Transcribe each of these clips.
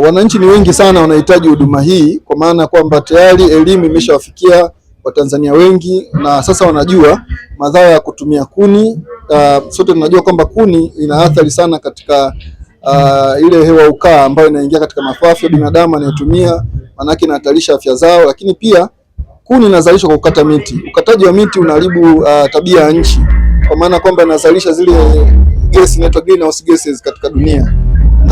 Wananchi ni wengi sana wanahitaji huduma hii, kwa maana kwamba tayari elimu imeshawafikia Watanzania wengi na sasa wanajua madhara ya kutumia kuni. Uh, sote tunajua kwamba kuni ina athari sana katika uh, ile hewa ukaa ambayo inaingia katika mapafu ya binadamu anayotumia, maanake inahatarisha afya zao, lakini pia kuni inazalishwa kwa kukata miti. Ukataji wa miti unaharibu uh, tabia ya nchi, kwa maana kwamba inazalisha zile gesi inaitwa greenhouse gases katika dunia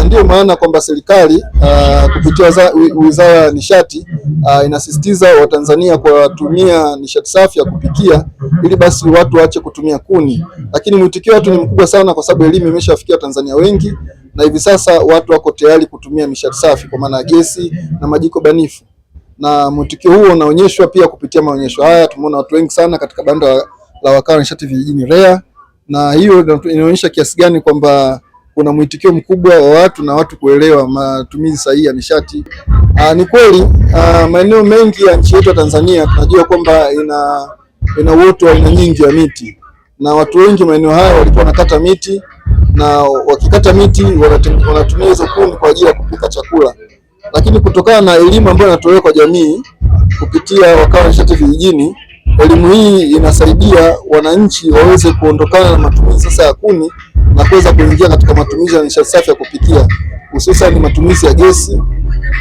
na ndiyo maana kwamba serikali uh, kupitia wizara ya nishati uh, inasisitiza Watanzania kuwatumia nishati safi ya kupikia ili basi watu waache kutumia kuni. Lakini mwitikio watu ni mkubwa sana, kwa sababu elimu imeshawafikia Watanzania wengi na hivi sasa watu wako tayari kutumia nishati safi kwa maana ya gesi na majiko banifu, na mwitikio huo unaonyeshwa pia kupitia maonyesho haya. Tumeona watu wengi sana katika banda la wakala nishati vijijini REA, na hiyo inaonyesha kiasi gani kwamba kuna mwitikio mkubwa wa watu na watu kuelewa matumizi sahihi ya nishati. Ah, ni kweli ah, maeneo mengi ya nchi yetu ya Tanzania tunajua kwamba ina ina uoto wa aina nyingi ya miti, na watu wengi maeneo haya walikuwa wanakata miti, na wakikata miti wanatumia hizo kuni kwa ajili ya kupika chakula, lakini kutokana na elimu ambayo inatolewa kwa jamii kupitia wakala wa nishati vijijini, elimu hii inasaidia wananchi waweze kuondokana na matumizi sasa ya kuni na kuweza kuingia katika matumizi ya nishati safi ya kupikia hususan matumizi ya gesi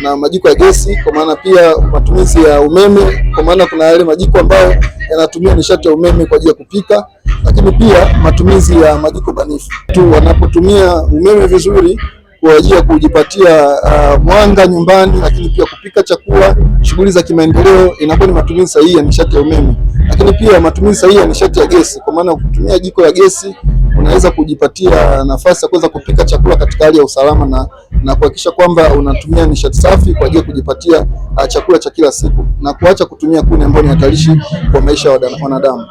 na majiko ya gesi, kwa maana pia matumizi ya umeme, kwa maana kuna yale majiko ambayo yanatumia nishati ya umeme kwa ajili ya kupika, lakini pia matumizi ya majiko banifu tu wanapotumia umeme vizuri kwa ajili ya kujipatia uh, mwanga nyumbani, lakini pia kupika chakula, shughuli za kimaendeleo, inakuwa ni matumizi sahihi ya nishati ya umeme, lakini pia matumizi sahihi ya nishati ya gesi, kwa maana kutumia jiko ya gesi unaweza kujipatia nafasi ya kuweza kupika chakula katika hali ya usalama na, na kuhakikisha kwamba unatumia nishati safi kwa ajili ya kujipatia ah, chakula cha kila siku na kuacha kutumia kuni ambayo ni hatarishi kwa maisha ya wanadamu.